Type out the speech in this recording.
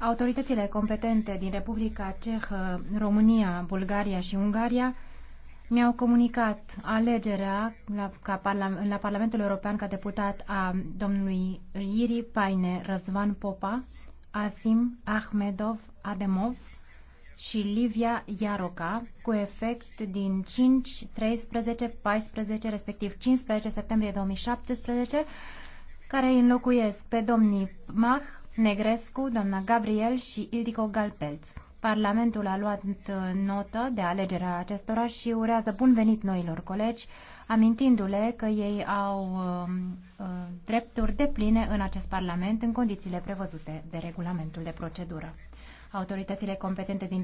Autoritățile competente din Republica Cehă, România, Bulgaria și Ungaria mi-au comunicat alegerea la, ca parla, la Parlamentul European ca deputat a domnului Iri Paine Răzvan Popa, Asim Ahmedov Ademov și Livia Iaroca, cu efect din 5, 13, 14, respectiv 15 septembrie 2017, care îi înlocuiesc pe domnii Mach, Negrescu, doamna Gabriel și Ildico Galpelț. Parlamentul a luat uh, notă de alegerea acestora și urează bun venit noilor colegi, amintindu-le că ei au uh, uh, drepturi depline în acest Parlament în condițiile prevăzute de regulamentul de procedură. Autoritățile competente din